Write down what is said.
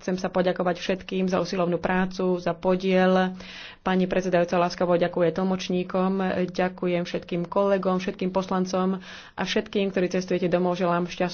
Chcem sa poďakovať všetkým za usilovnú prácu, za podiel. Pani predsedajúca láskavo ďakuje tlmočníkom, ďakujem všetkým kolegom, všetkým poslancom a všetkým, ktorí cestujete domov, želám šťastnú